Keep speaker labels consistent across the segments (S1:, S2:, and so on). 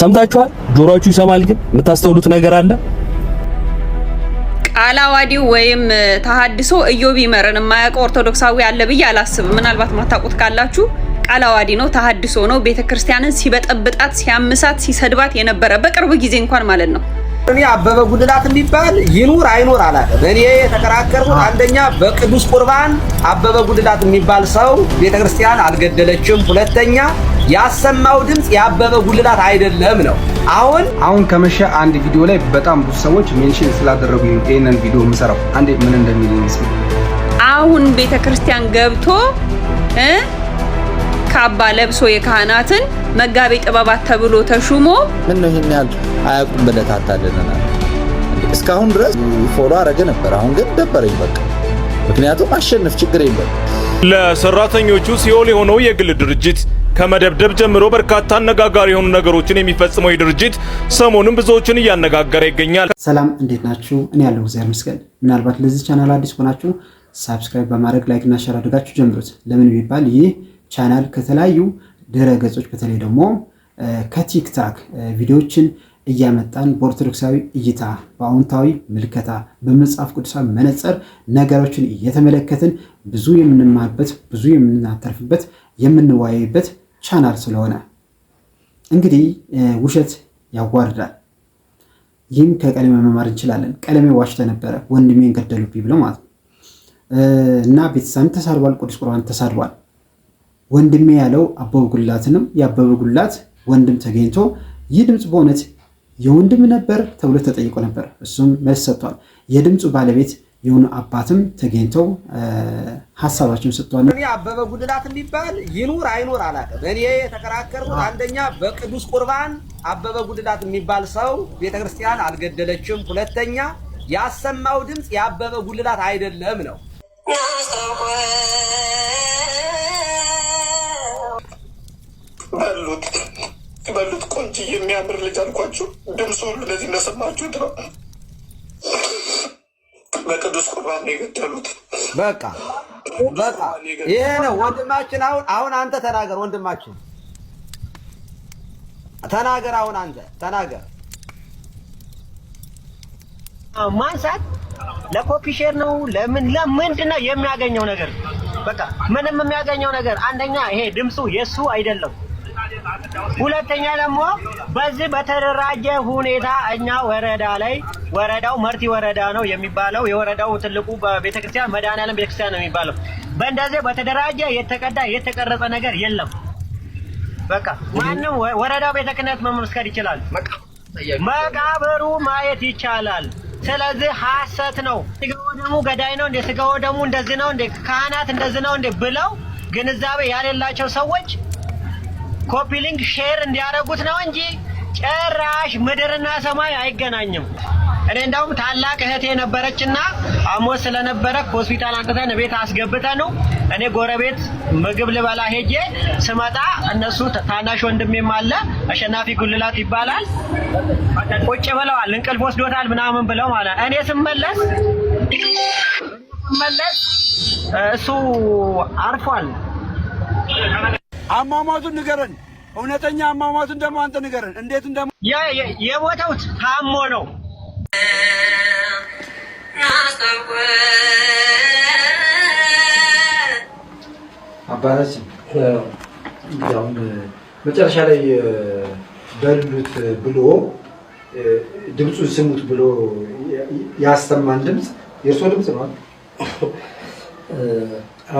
S1: ሰምታችኋል? ጆሮአችሁ ይሰማል፣ ግን የምታስተውሉት ነገር አለ።
S2: ቃለ ወይም ተሐድሶ ኢዮብ ይመርን የማያውቀው ኦርቶዶክሳዊ አለ ብዬ አላስብም። ምናልባት ማታውቁት ካላችሁ ቃለ ዓዋዲ ነው፣ ተሐድሶ ነው። ቤተክርስቲያንን ሲበጠብጣት፣ ሲያምሳት፣ ሲሰድባት የነበረ በቅርብ ጊዜ እንኳን ማለት ነው
S3: እኔ አበበ ጉልላት የሚባል ይኑር አይኑር አላለም። እኔ የተከራከርኩት አንደኛ በቅዱስ ቁርባን አበበ ጉልላት የሚባል ሰው ቤተክርስቲያን አልገደለችም፣ ሁለተኛ ያሰማው ድምፅ የአበበ ጉልላት አይደለም ነው።
S1: አሁን አሁን ከመሸ አንድ ቪዲዮ ላይ በጣም ብዙ ሰዎች ሜንሽን ስላደረጉ ይህንን ቪዲዮ የምሰራው አንዴ ምን እንደሚል ይመስል
S2: አሁን ቤተክርስቲያን ገብቶ ካባ ለብሶ የካህናትን መጋቤ ጥበባት ተብሎ ተሹሞ
S4: ምን ነው ይህን ያህል አያውቁም ብለህ ታታልለናል። እስካሁን ድረስ ፎሎ አረገ ነበር። አሁን ግን ደበረኝ በቃ ምክንያቱም አሸንፍ ችግር የለም።
S5: ለሰራተኞቹ ሲኦል የሆነው የግል ድርጅት ከመደብደብ ጀምሮ በርካታ አነጋጋሪ የሆኑ ነገሮችን የሚፈጽመው ድርጅት ሰሞኑን ብዙዎችን እያነጋገረ ይገኛል።
S1: ሰላም እንዴት ናችሁ? እኔ ያለው እግዚአብሔር ይመስገን። ምናልባት ለዚህ ቻናል አዲስ ሆናችሁ ሳብስክራይብ በማድረግ ላይክ እና ሸር አድርጋችሁ ጀምሩት። ለምን ቢባል ይህ ቻናል ከተለያዩ ድረ ገጾች በተለይ ደግሞ ከቲክታክ ቪዲዮዎችን እያመጣን በኦርቶዶክሳዊ እይታ በአዎንታዊ ምልከታ በመጽሐፍ ቅዱሳዊ መነጽር ነገሮችን እየተመለከትን ብዙ የምንማርበት ብዙ የምናተርፍበት የምንወያይበት ቻናል ስለሆነ እንግዲህ ውሸት ያዋርዳል። ይህም ከቀለሜ መማር እንችላለን። ቀለሜ ዋሽተ ነበረ ወንድሜን ገደሉብኝ ብሎ ማለት ነው እና ቤተሰብን ተሳድቧል፣ ቅዱስ ቁርባን ተሳድቧል። ወንድሜ ያለው አበበ ጉላትንም የአበበ ጉላት ወንድም ተገኝቶ ይህ ድምፅ በእውነት የወንድም ነበር ተብሎ ተጠይቆ ነበር። እሱም መልስ ሰጥቷል። የድምፁ ባለቤት የሆኑ አባትም ተገኝተው ሀሳባቸውን ሰጥቷል።
S3: እኔ አበበ ጉልላት የሚባል ይኑር አይኑር አላውቅም። እኔ የተከራከርኩት አንደኛ በቅዱስ ቁርባን አበበ ጉልላት የሚባል ሰው ቤተክርስቲያን አልገደለችም፣ ሁለተኛ ያሰማው ድምፅ የአበበ ጉልላት አይደለም ነው
S6: የሚያምር ልጅ አልኳችሁ። ድምፁ እንደዚህ እንደሰማችሁት ነው። በቅዱስ ቁርባን የገደሉት
S3: በቃ በቃ ይሄ ነው ወንድማችን። አሁን አሁን አንተ ተናገር ወንድማችን ተናገር። አሁን አንተ ተናገር።
S2: ማንሳት ለኮፒ ሼር ነው። ለምን ለምንድን ነው የሚያገኘው ነገር? በቃ ምንም የሚያገኘው ነገር አንደኛ ይሄ ድምፁ የእሱ አይደለም። ሁለተኛ ደግሞ በዚህ በተደራጀ ሁኔታ እኛ ወረዳ ላይ ወረዳው መርቲ ወረዳ ነው የሚባለው። የወረዳው ትልቁ ቤተክርስቲያን መድኃኔዓለም ቤተክርስቲያን ነው የሚባለው። በእንደዚህ በተደራጀ የተቀዳ የተቀረጸ ነገር የለም። በቃ ማንም ወረዳው ቤተ ክህነት መመስከር ይችላል። መቃብሩ ማየት ይቻላል። ስለዚህ ሐሰት ነው። ስጋው ደሙ ገዳይ ነው እንዴ? ስጋው ደሙ እንደዚህ ነው እንዴ? ካህናት እንደዚህ ነው እንዴ? ብለው ግንዛቤ ያሌላቸው ሰዎች ኮፒ ሊንክ ሼር እንዲያደርጉት ነው እንጂ ጭራሽ ምድርና ሰማይ አይገናኝም። እኔ እንዳውም ታላቅ እህቴ ነበረችና አሞ ስለነበረ ሆስፒታል አንጥተን ቤት አስገብተ ነው። እኔ ጎረቤት ምግብ ልበላ ሄጄ ስመጣ እነሱ ታናሽ ወንድሜም አለ አሸናፊ ጉልላት ይባላል። ቁጭ ብለዋል፣ እንቅልፍ ወስዶታል ምናምን ብለው ማለት እኔ ስመለስ ስመለስ እሱ አርፏል።
S3: አሟሟቱን ንገረን። እውነተኛ አሟሟቱን ደግሞ አንተ ንገረን። እንዴት እንደ
S2: የቦታው ታሞ ነው
S7: አባታችን አሁን መጨረሻ ላይ በሉት ብሎ ድምፁ ስሙት ብሎ ያሰማን ድምፅ የእርሶ ድምፅ ነው።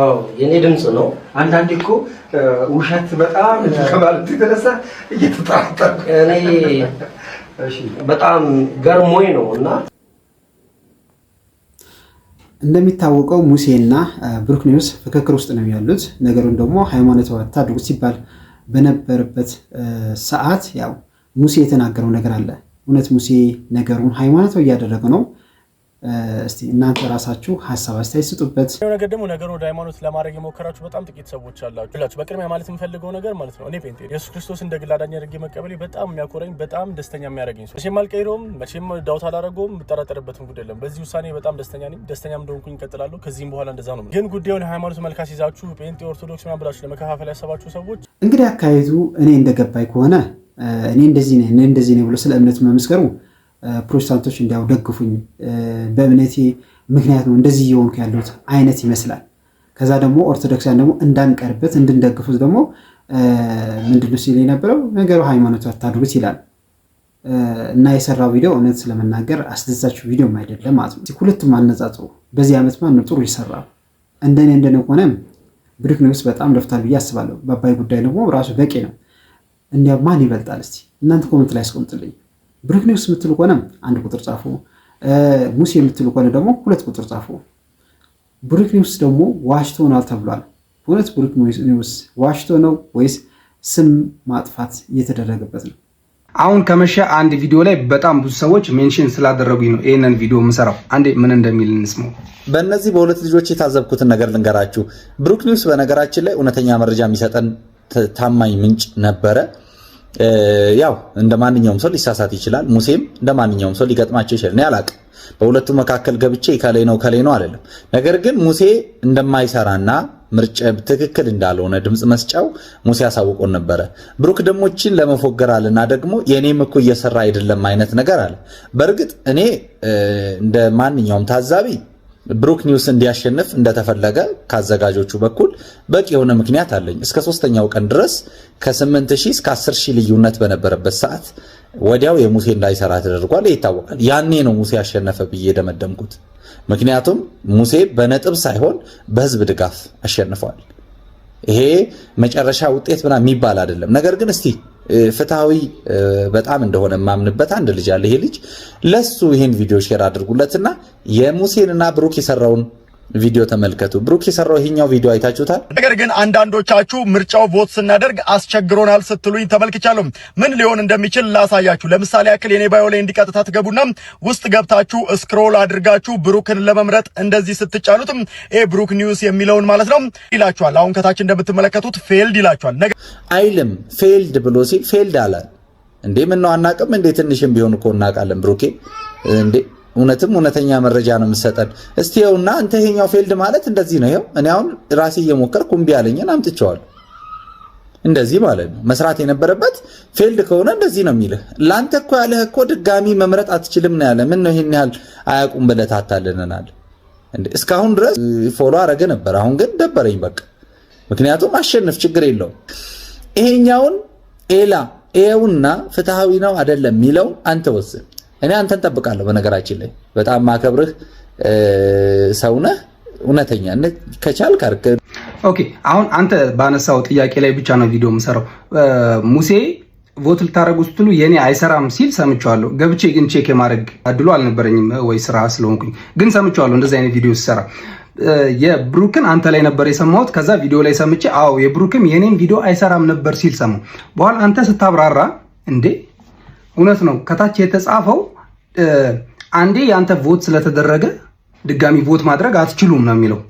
S8: አዎ የኔ ድምፅ ነው።
S7: አንዳንዴ እኮ ውሸት በጣም ከማለት የተነሳ እየተጠራጠርኩ
S8: እኔ በጣም ገርሞኝ ነው። እና
S1: እንደሚታወቀው ሙሴና ብሩክ ኒውስ ፍክክር ውስጥ ነው ያሉት። ነገሩን ደግሞ ሃይማኖታዊ አታድርጉት ሲባል በነበረበት ሰዓት ያው ሙሴ የተናገረው ነገር አለ። እውነት ሙሴ ነገሩን ሃይማኖት እያደረገ ነው እስቲ እናንተ ራሳችሁ ሀሳብ አስተያየት ስጡበት።
S9: ነገር ደግሞ ነገር ወደ ሃይማኖት ለማድረግ የሞከራችሁ በጣም ጥቂት ሰዎች አላችሁ ላችሁ በቅድሚያ ማለት የምፈልገው ነገር ማለት ነው እኔ ጴንጤ ኢየሱስ ክርስቶስ እንደ ግል አዳኝ አድርጌ መቀበሌ በጣም የሚያኮረኝ በጣም ደስተኛ የሚያደርገኝ ሰው መቼም አልቀይረውም፣ መቼም ዳውት አላደረገውም፣ የምጠራጠርበትም ጉዳይ የለም። በዚህ ውሳኔ በጣም ደስተኛ ነኝ፣ ደስተኛ እንደሆንኩኝ እቀጥላለሁ። ከዚህም በኋላ እንደዛ ነው። ግን ጉዳዩን የሃይማኖት መልካስ ይዛችሁ ጴንጤ፣ ኦርቶዶክስ ምናምን ብላችሁ ለመከፋፈል ያሰባችሁ ሰዎች
S1: እንግዲህ አካሄዱ እኔ እንደገባኝ ከሆነ እኔ እንደዚህ ነኝ እኔ እንደዚህ ነኝ ብሎ ስለ እምነት መመስከሩ ፕሮቴስታንቶች እንዲያው ደግፉኝ በእምነቴ ምክንያት ነው እንደዚህ እየሆንኩ ያለሁት አይነት ይመስላል። ከዛ ደግሞ ኦርቶዶክሳን ደግሞ እንዳንቀርበት እንድንደግፉት ደግሞ ምንድነው ሲል የነበረው ነገሩ ሃይማኖት አታድርጉት ይላል እና የሰራው ቪዲዮ እውነት ስለመናገር አስደዛችው ቪዲዮም አይደለም ማለት ነው። ሁለቱም አነጻጽሩ። በዚህ ዓመት ማነው ጥሩ ይሰራ? እንደኔ እንደነ ከሆነ ብሩክ ንጉስ በጣም ለፍታል ብዬ አስባለሁ። በአባይ ጉዳይ ደግሞ ራሱ በቂ ነው። እንዲያ ማን ይበልጣል? እስቲ እናንተ ኮመንት ላይ አስቀምጡልኝ። ብሬክ ኒውስ የምትሉ ከሆነ አንድ ቁጥር ጻፉ። ሙሴ የምትሉ ከሆነ ደግሞ ሁለት ቁጥር ጻፉ። ብሬክ ኒውስ ደግሞ ዋሽቶናል ተብሏል። እውነት ብሬክ ኒውስ ዋሽቶ ነው ወይስ ስም ማጥፋት እየተደረገበት ነው? አሁን ከመሸ አንድ ቪዲዮ ላይ በጣም ብዙ ሰዎች ሜንሽን ስላደረጉኝ ነው ይህንን ቪዲዮ የምሰራው። አንዴ ምን እንደሚል እንስማው። በእነዚህ በሁለት ልጆች የታዘብኩትን ነገር ልንገራችሁ። ብሩክ ኒውስ በነገራችን ላይ እውነተኛ መረጃ የሚሰጠን ታማኝ ምንጭ ነበረ። ያው እንደ ማንኛውም ሰው ሊሳሳት ይችላል። ሙሴም እንደ ማንኛውም ሰው ሊገጥማቸው ይችላል። እኔ አላቅም በሁለቱ መካከል ገብቼ ከሌ ነው ከሌ ነው አይደለም። ነገር ግን ሙሴ እንደማይሰራና ምርጫ ትክክል እንዳልሆነ ድምፅ መስጫው ሙሴ አሳውቆን ነበረ። ብሩክ ደሞችን ለመፎገራልና ደግሞ የእኔም እኮ እየሰራ አይደለም አይነት ነገር አለ። በእርግጥ እኔ እንደ ማንኛውም ታዛቢ ብሩክ ኒውስ እንዲያሸንፍ እንደተፈለገ ከአዘጋጆቹ በኩል በቂ የሆነ ምክንያት አለኝ። እስከ ሶስተኛው ቀን ድረስ ከ8 እስከ 10000 ልዩነት በነበረበት ሰዓት ወዲያው የሙሴ እንዳይሰራ ተደርጓል። ይታወቃል። ያኔ ነው ሙሴ ያሸነፈ ብዬ የደመደምኩት። ምክንያቱም ሙሴ በነጥብ ሳይሆን በህዝብ ድጋፍ አሸንፏል። ይሄ መጨረሻ ውጤት ምናምን የሚባል አይደለም። ነገር ግን እስቲ ፍትሐዊ በጣም እንደሆነ የማምንበት አንድ ልጅ አለ። ይሄ ልጅ ለሱ ይሄን ቪዲዮ ሼር አድርጉለትና የሙሴንና ብሩክ የሰራውን ቪዲዮ ተመልከቱ። ብሩክ የሰራው ይሄኛው ቪዲዮ አይታችሁታል።
S5: ነገር ግን አንዳንዶቻችሁ ምርጫው ቮት ስናደርግ አስቸግሮናል ስትሉኝ ተመልክቻለሁ። ምን ሊሆን እንደሚችል ላሳያችሁ። ለምሳሌ ያክል የኔ ባዮ ላይ እንዲቀጥታ ትገቡና ውስጥ ገብታችሁ ስክሮል አድርጋችሁ ብሩክን ለመምረጥ እንደዚህ ስትጫኑት ኤ ብሩክ ኒውስ የሚለውን ማለት ነው ይላችኋል። አሁን ከታች እንደምትመለከቱት ፌልድ ይላችኋል።
S1: አይልም ፌልድ ብሎ ሲል ፌልድ አላል እንዴ? ምን ነው አናቅም እንዴ? ትንሽም ቢሆን እኮ እናውቃለን ብሩኬ እንዴ እውነትም እውነተኛ መረጃ ነው የምሰጠን እስቲ ይኸውና አንተ ይሄኛው ፌልድ ማለት እንደዚህ ነው። ይኸው እኔ አሁን ራሴ እየሞከርኩ እምቢ አለኝን አምጥቼዋለሁ። እንደዚህ ማለት ነው መስራት የነበረበት ፌልድ ከሆነ እንደዚህ ነው የሚልህ። ለአንተ እኮ ያለህ እኮ ድጋሚ መምረጥ አትችልም ነው ያለ። ምን ነው ይህን ያህል አያውቁም ብለህ ታታልነናል። እስካሁን ድረስ ፎሎ አረገ ነበር፣ አሁን ግን ደበረኝ በቃ። ምክንያቱም አሸንፍ ችግር የለውም። ይሄኛውን ኤላ ኤውና ፍትሐዊ ነው አይደለም የሚለውን አንተ ወስን። እኔ አንተን ጠብቃለሁ። በነገራችን ላይ በጣም ማከብርህ ሰው ነህ። እውነተኛ ከቻል ካርክ ኦኬ። አሁን አንተ ባነሳው ጥያቄ ላይ ብቻ ነው ቪዲዮ የምሰራው። ሙሴ ቮት ልታደረጉ ስትሉ የእኔ አይሰራም ሲል ሰምቸዋለሁ። ገብቼ ግን ቼክ የማድረግ አድሎ አልነበረኝም ወይ ስራ ስለሆንኩኝ፣ ግን ሰምቸዋለሁ እንደዚህ አይነት ቪዲዮ ሲሰራ የብሩክን አንተ ላይ ነበር የሰማሁት። ከዛ ቪዲዮ ላይ ሰምቼ አዎ የብሩክም የኔም ቪዲዮ አይሰራም ነበር ሲል ሰማሁ። በኋላ አንተ ስታብራራ እንዴ እውነት ነው። ከታች የተጻፈው አንዴ ያንተ ቮት ስለተደረገ ድጋሚ ቮት ማድረግ አትችሉም ነው የሚለው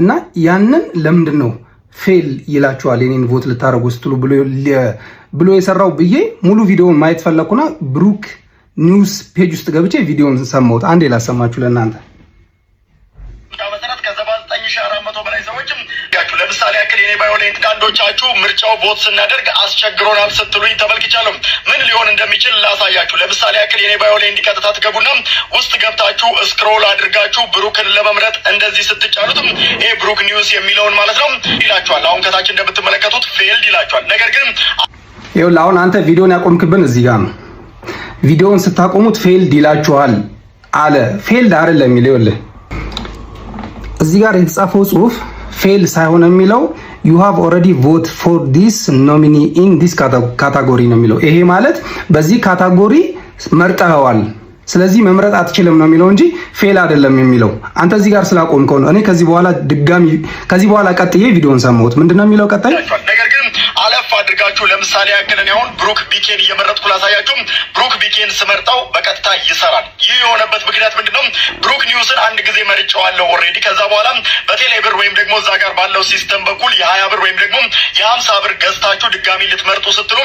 S1: እና ያንን ለምንድን ነው ፌል ይላችኋል የኔን ቮት ልታደረጉ ስትሉ ብሎ የሰራው ብዬ ሙሉ ቪዲዮውን ማየት ፈለግኩና ብሩክ ኒውስ ፔጅ ውስጥ ገብቼ ቪዲዮን ሰማሁት። አንዴ ላሰማችሁ ለእናንተ
S5: የማይሆን የአንዳንዶቻችሁ ምርጫው ቦት ስናደርግ አስቸግሮናል ስትሉኝ ተመልክቻለሁ። ምን ሊሆን እንደሚችል ላሳያችሁ። ለምሳሌ ያክል የኔ ባዮ ላይ እንዲቀጥታ ትገቡና ውስጥ ገብታችሁ ስክሮል አድርጋችሁ ብሩክን ለመምረጥ እንደዚህ ስትጫሉትም ይሄ ብሩክ ኒውስ የሚለውን ማለት ነው ይላችኋል። አሁን ከታች እንደምትመለከቱት ፌልድ ይላችኋል። ነገር ግን
S1: ይኸውልህ አሁን አንተ ቪዲዮን ያቆምክብን እዚህ ጋር ነው። ቪዲዮን ስታቆሙት ፌልድ ይላችኋል አለ። ፌልድ አይደለም የሚለው ይኸውልህ እዚህ ጋር የተጻፈው ጽሁፍ ፌል ሳይሆን የሚለው ዩ ሃቭ ኦልሬዲ ቮት ፎር ዲስ ኖሚኒ ኢን ዲስ ካታጎሪ ነው የሚለው። ይሄ ማለት በዚህ ካታጎሪ መርጠኸዋል ስለዚህ መምረጥ አትችልም ነው የሚለው እንጂ ፌል አይደለም የሚለው። አንተ እዚህ ጋር ስላቆምከው ነው። እኔ ከዚህ በኋላ ድጋሚ ከዚህ በኋላ ቀጥዬ ቪዲዮን ሰማሁት። ምንድነው የሚለው ቀጣይ?
S5: አድርጋችሁ ለምሳሌ ያክልን ያሁን ብሩክ ቢኬን እየመረጥኩ ላሳያችሁም። ብሩክ ቢኬን ስመርጠው በቀጥታ ይሰራል። ይህ የሆነበት ምክንያት ምንድነው? ብሩክ ኒውስን አንድ ጊዜ መርጨዋለሁ ኦልሬዲ። ከዛ በኋላ በቴሌ ብር ወይም ደግሞ እዛ ጋር ባለው ሲስተም በኩል የሀያ ብር ወይም ደግሞ የሀምሳ ብር ገዝታችሁ ድጋሚ ልትመርጡ ስትሉ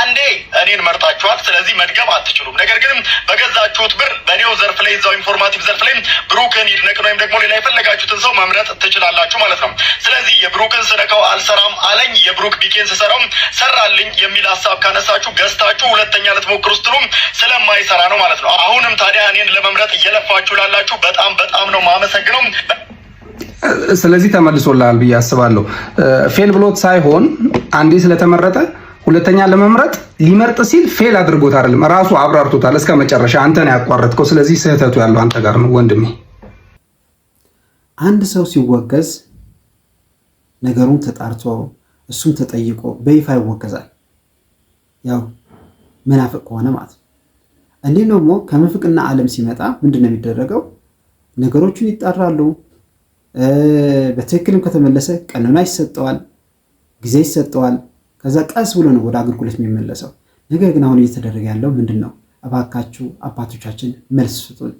S5: አንዴ እኔን መርጣችኋል። ስለዚህ መድገም አትችሉም። ነገር ግን በገዛችሁት ብር በኔው ዘርፍ ላይ እዛው ኢንፎርማቲቭ ዘርፍ ላይ ብሩክን ይድነቅን ወይም ደግሞ ሌላ የፈለጋችሁትን ሰው መምረጥ ትችላላችሁ ማለት ነው። ስለዚህ የብሩክን ስነካው አልሰራም አለኝ። የብሩክ ቢኬን ስሰራው ሰራልኝ የሚል ሀሳብ ካነሳችሁ ገዝታችሁ ሁለተኛ ልትሞክሩ ስትሉ ስለማይሰራ ነው ማለት ነው። አሁንም ታዲያ እኔን ለመምረጥ እየለፋችሁ ላላችሁ በጣም በጣም ነው ማመሰግነው።
S1: ስለዚህ ተመልሶልሃል ብዬ አስባለሁ። ፌል ብሎት ሳይሆን አንዴ ስለተመረጠ ሁለተኛ ለመምረጥ ሊመርጥ ሲል ፌል አድርጎት አይደለም፣ ራሱ አብራርቶታል እስከ መጨረሻ። አንተን ያቋረጥከው። ስለዚህ ስህተቱ ያለው አንተ ጋር ነው ወንድሜ። አንድ ሰው ሲወገዝ ነገሩን ተጣርቶ እሱም ተጠይቆ በይፋ ይወገዛል። ያው መናፍቅ ከሆነ ማለት ነው። እንዲህ ደግሞ ከምንፍቅና ዓለም ሲመጣ ምንድን ነው የሚደረገው? ነገሮቹን ይጣራሉ። በትክክልም ከተመለሰ ቀኖና ይሰጠዋል፣ ጊዜ ይሰጠዋል። ከዛ ቀስ ብሎ ነው ወደ አገልግሎት የሚመለሰው። ነገር ግን አሁን እየተደረገ ያለው ምንድን ነው? እባካችሁ አባቶቻችን መልስ ስጡን።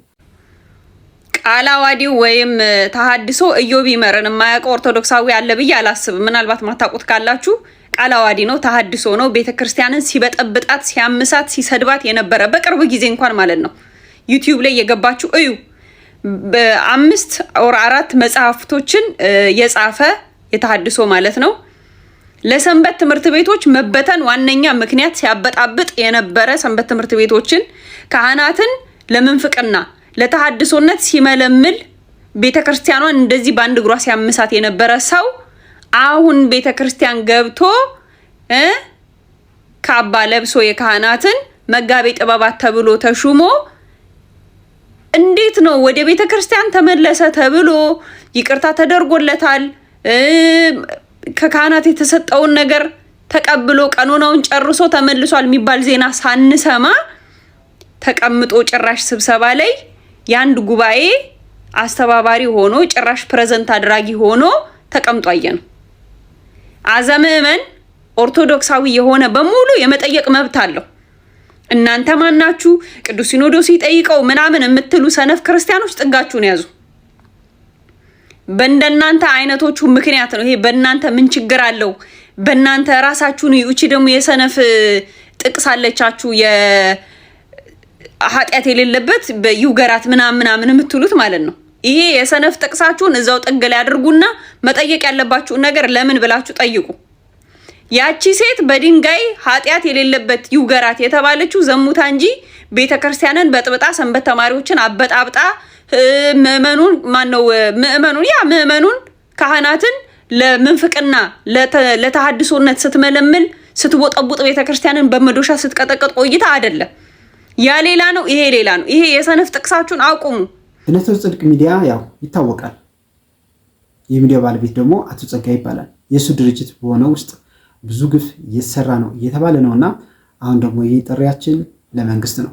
S2: አላዋዲው ወይም ተሀድሶ እዮብ ይመርን የማያውቀው ኦርቶዶክሳዊ አለ ብዬ አላስብም። ምናልባት ማታውቁት ካላችሁ ቃላዋዲ ነው፣ ተሀድሶ ነው። ቤተክርስቲያንን ሲበጠብጣት፣ ሲያምሳት፣ ሲሰድባት የነበረ በቅርብ ጊዜ እንኳን ማለት ነው ዩቲዩብ ላይ የገባችሁ እዩ። በአምስት ወር አራት መጽሐፍቶችን የጻፈ የተሀድሶ ማለት ነው ለሰንበት ትምህርት ቤቶች መበተን ዋነኛ ምክንያት ሲያበጣብጥ የነበረ ሰንበት ትምህርት ቤቶችን ካህናትን ለምንፍቅና ለተሃድሶነት ሲመለምል ቤተ ክርስቲያኗን እንደዚህ በአንድ እግሯ ሲያምሳት የነበረ ሰው አሁን ቤተ ክርስቲያን ገብቶ ካባ ለብሶ የካህናትን መጋቤ ጥበባት ተብሎ ተሹሞ እንዴት ነው ወደ ቤተ ክርስቲያን ተመለሰ ተብሎ ይቅርታ ተደርጎለታል። ከካህናት የተሰጠውን ነገር ተቀብሎ ቀኖናውን ጨርሶ ተመልሷል የሚባል ዜና ሳንሰማ ተቀምጦ ጭራሽ ስብሰባ ላይ የአንድ ጉባኤ አስተባባሪ ሆኖ ጭራሽ ፕሬዘንት አድራጊ ሆኖ ተቀምጦ አየ ነው። አዘምዕመን ኦርቶዶክሳዊ የሆነ በሙሉ የመጠየቅ መብት አለው። እናንተ ማናችሁ? ቅዱስ ሲኖዶስ ሲጠይቀው ምናምን የምትሉ ሰነፍ ክርስቲያኖች ጥጋችሁን ያዙ። በእንደናንተ አይነቶቹ ምክንያት ነው ይሄ። በእናንተ ምን ችግር አለው? በእናንተ ራሳችሁን ይቺ ደግሞ የሰነፍ ጥቅስ አለቻችሁ ኃጢአት የሌለበት በዩገራት ምናምን ምናምን የምትሉት ማለት ነው። ይሄ የሰነፍ ጥቅሳችሁን እዛው ጥግ ላይ አድርጉና መጠየቅ ያለባችሁን ነገር ለምን ብላችሁ ጠይቁ። ያቺ ሴት በድንጋይ ኃጢአት የሌለበት ይውገራት የተባለችው ዘሙታ እንጂ ቤተ ክርስቲያንን በጥብጣ ሰንበት ተማሪዎችን አበጣብጣ ምእመኑን ማነው ምእመኑን ያ ምእመኑን ካህናትን ለምንፍቅና ለተሃድሶነት ስትመለምል ስትቦጠቡጥ ቤተ ክርስቲያንን በመዶሻ ስትቀጠቀጥ ቆይታ አይደለም። ያ ሌላ ነው፣ ይሄ ሌላ ነው። ይሄ የሰነፍ ጥቅሳችሁን አቁሙ።
S1: እነቱ ጽድቅ ሚዲያ ያው ይታወቃል። የሚዲያው ባለቤት ደግሞ አቶ ጸጋ ይባላል። የእሱ ድርጅት በሆነ ውስጥ ብዙ ግፍ እየተሰራ ነው እየተባለ ነው እና አሁን ደግሞ ይህ ጥሪያችን ለመንግስት ነው።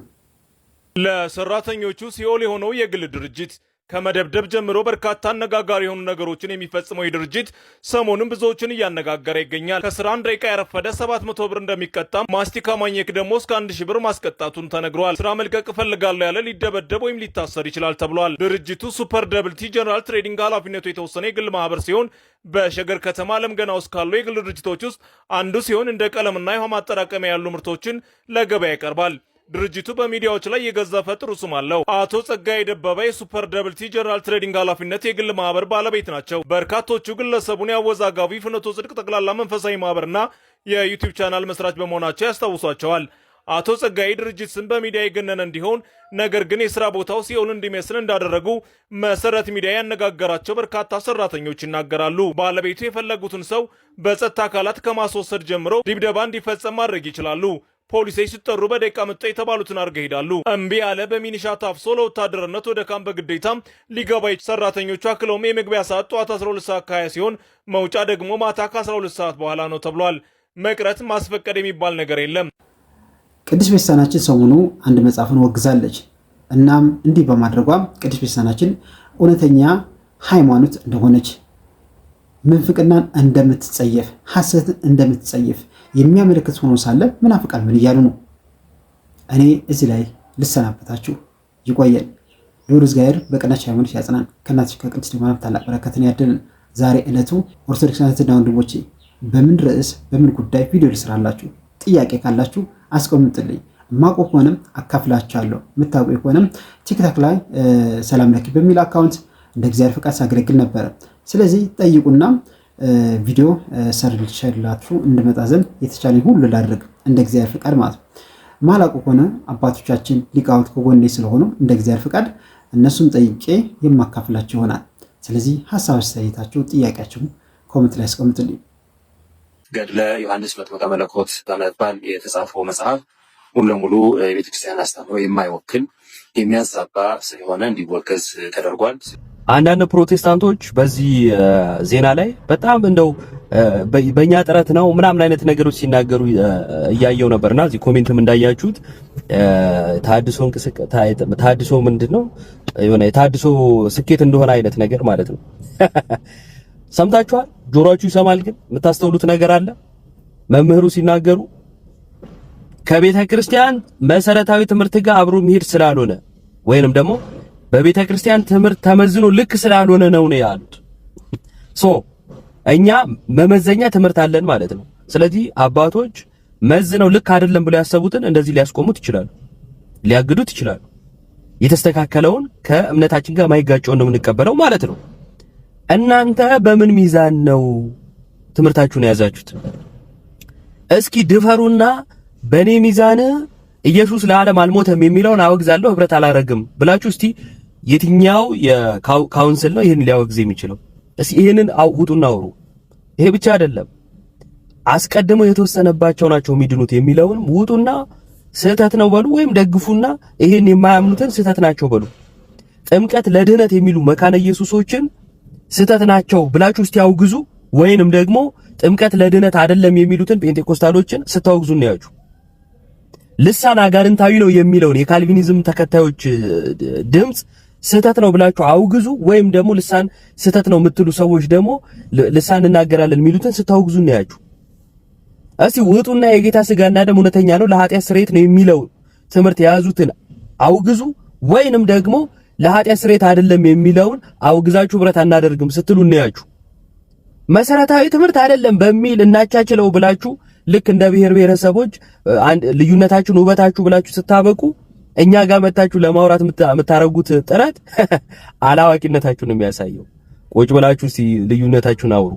S5: ለሰራተኞቹ ሲኦል የሆነው የግል ድርጅት ከመደብደብ ጀምሮ በርካታ አነጋጋሪ የሆኑ ነገሮችን የሚፈጽመው ይህ ድርጅት ሰሞኑን ብዙዎችን እያነጋገረ ይገኛል። ከስራ አንድ ደቂቃ ያረፈደ 700 ብር እንደሚቀጣም፣ ማስቲካ ማኘክ ደግሞ እስከ 1000 ብር ማስቀጣቱን ተነግሯል። ስራ መልቀቅ እፈልጋለሁ ያለ ሊደበደብ ወይም ሊታሰር ይችላል ተብሏል። ድርጅቱ ሱፐር ደብልቲ ጀነራል ትሬዲንግ ኃላፊነቱ የተወሰነ የግል ማህበር ሲሆን በሸገር ከተማ ዓለም ገና ውስጥ ካሉ የግል ድርጅቶች ውስጥ አንዱ ሲሆን እንደ ቀለምና የውሃ ማጠራቀሚያ ያሉ ምርቶችን ለገበያ ይቀርባል። ድርጅቱ በሚዲያዎች ላይ የገዘፈ ጥሩ ስም አለው። አቶ ጸጋዬ ደበበ የሱፐር ደብልቲ ጀነራል ትሬዲንግ ኃላፊነት የግል ማህበር ባለቤት ናቸው። በርካቶቹ ግለሰቡን የአወዛጋቢ ፍኖተ ጽድቅ ጠቅላላ መንፈሳዊ ማህበርና የዩቲዩብ ቻናል መስራች በመሆናቸው ያስታውሷቸዋል። አቶ ጸጋይ ድርጅት ስም በሚዲያ የገነነ እንዲሆን ነገር ግን የስራ ቦታው ሲኦል እንዲመስል እንዳደረጉ መሰረት ሚዲያ ያነጋገራቸው በርካታ ሰራተኞች ይናገራሉ። ባለቤቱ የፈለጉትን ሰው በጸጥታ አካላት ከማስወሰድ ጀምሮ ድብደባ እንዲፈጸም ማድረግ ይችላሉ። ፖሊሴ ሲጠሩ በደቂቃ መጣ የተባሉትን አድርገ ይሄዳሉ። እምቢ ያለ በሚኒሻ ታፍሶ ለወታደርነት ወደ ካም በግዴታ ሊገባ ሰራተኞቹ አክለውም የመግቢያ ሰዓት ጠዋት 12 ሰዓት ከ ሲሆን መውጫ ደግሞ ማታ ከ12 ሰዓት በኋላ ነው ተብሏል። መቅረት ማስፈቀድ የሚባል ነገር የለም።
S1: ቅድስት ቤተሳናችን ሰሞኑ አንድ መጽሐፍን ወግዛለች። እናም እንዲህ በማድረጓ ቅድስት ቤተሳናችን እውነተኛ ሃይማኖት እንደሆነች ምንፍቅናን እንደምትጸየፍ ሐሰትን እንደምትጸየፍ የሚያመለክት ሆኖ ሳለ ምናፍቃል ምን እያሉ ነው? እኔ እዚህ ላይ ልሰናበታችሁ። ይቆየን። ልዑል እግዚአብሔር በቀናች ሃይማኖት ያጽናን፣ ከእናታችን ከቅድስት ድንግል ታላቅ በረከትን ያደልን። ዛሬ ዕለቱ ኦርቶዶክስ እህትና ወንድሞቼ በምን ርዕስ በምን ጉዳይ ቪዲዮ ልስራላችሁ? ጥያቄ ካላችሁ አስቀምጥልኝ ማቆ ከሆነም አካፍላችኋለሁ። የምታውቁ ከሆነም ቲክታክ ላይ ሰላም ለኪ በሚል አካውንት እንደ እግዚአብሔር ፍቃድ ሳገለግል ነበረ። ስለዚህ ጠይቁና ቪዲዮ ሰርችላችሁ እንድመጣ ዘንድ የተቻለኝ ሁሉ ላድርግ እንደ እግዚአብሔር ፍቃድ ማለት ነው። ማላቁ ከሆነ አባቶቻችን ሊቃውንት ከጎኔ ስለሆኑ እንደ እግዚአብሔር ፍቃድ እነሱም ጠይቄ የማካፍላቸው ይሆናል። ስለዚህ ሀሳብ አስተያየታችሁ፣ ጥያቄያችሁ ኮመንት ላይ አስቀምጡልኝ።
S10: ገድለ ዮሐንስ መጥምቀ መለኮት በመባል የተጻፈው መጽሐፍ ሙሉ ለሙሉ የቤተክርስቲያን አስተምሮ የማይወክል የሚያዛባ ስለሆነ እንዲወገዝ ተደርጓል።
S1: አንዳንድ ፕሮቴስታንቶች በዚህ ዜና ላይ በጣም እንደው በእኛ ጥረት ነው ምናምን አይነት ነገሮች ሲናገሩ እያየው ነበርና እዚህ ኮሜንትም እንዳያችሁት ታድሶ ታድሶ ምንድን ነው የሆነ የታድሶ ስኬት እንደሆነ አይነት ነገር ማለት ነው። ሰምታችኋል፣ ጆሮአችሁ ይሰማል፣ ግን የምታስተውሉት ነገር አለ። መምህሩ ሲናገሩ ከቤተ ክርስቲያን መሰረታዊ ትምህርት ጋር አብሮ መሄድ ስላልሆነ ወይንም ደግሞ በቤተ ክርስቲያን ትምህርት ተመዝኖ ልክ ስላልሆነ ነው ነው ያሉት። ሶ እኛ መመዘኛ ትምህርት አለን ማለት ነው። ስለዚህ አባቶች መዝነው ልክ አይደለም ብለው ያሰቡትን እንደዚህ ሊያስቆሙት ይችላሉ፣ ሊያግዱት ይችላሉ። የተስተካከለውን ከእምነታችን ጋር ማይጋጨውን ነው የምንቀበለው ማለት ነው። እናንተ በምን ሚዛን ነው ትምህርታችሁን የያዛችሁት? እስኪ ድፈሩና በኔ ሚዛን ኢየሱስ ለዓለም አልሞተም የሚለውን አወግዛለሁ ህብረት አላረግም ብላችሁ እስቲ የትኛው ካውንስል ነው ይህን ሊያወግዝ የሚችለው? እስ ይህንን አውጡና አውሩ። ይሄ ብቻ አይደለም አስቀድመው የተወሰነባቸው ናቸው የሚድኑት የሚለውን ውጡና ስህተት ነው በሉ፣ ወይም ደግፉና ይሄን የማያምኑትን ስህተት ናቸው በሉ። ጥምቀት ለድህነት የሚሉ መካነ ኢየሱሶችን ስህተት ናቸው ብላችሁ እስቲ አውግዙ። ወይንም ደግሞ ጥምቀት ለድህነት አይደለም የሚሉትን ጴንጤኮስታሎችን ስታወግዙ እናያችሁ። ልሳን አጋንንታዊ ነው የሚለውን የካልቪኒዝም ተከታዮች ድምፅ ስህተት ነው ብላችሁ አውግዙ። ወይም ደግሞ ልሳን ስህተት ነው የምትሉ ሰዎች ደግሞ ልሳን እናገራለን የሚሉትን ስታውግዙ እናያችሁ። እስቲ ውጡና የጌታ ስጋና ደም እውነተኛ ነው ለኃጢአት ስርየት ነው የሚለው ትምህርት የያዙትን አውግዙ። ወይንም ደግሞ ለኃጢአት ስርየት አይደለም የሚለውን አውግዛችሁ ብረት አናደርግም ስትሉ እናያችሁ። መሰረታዊ ትምህርት አይደለም በሚል እናቻችለው ብላችሁ ልክ እንደ ብሔር ብሔረሰቦች ልዩነታችሁን ውበታችሁ ብላችሁ ስታበቁ እኛ ጋር መታችሁ ለማውራት የምታረጉት ጥረት አላዋቂነታችሁን የሚያሳየው። ቁጭ ብላችሁ ልዩነታችሁን አውሩ።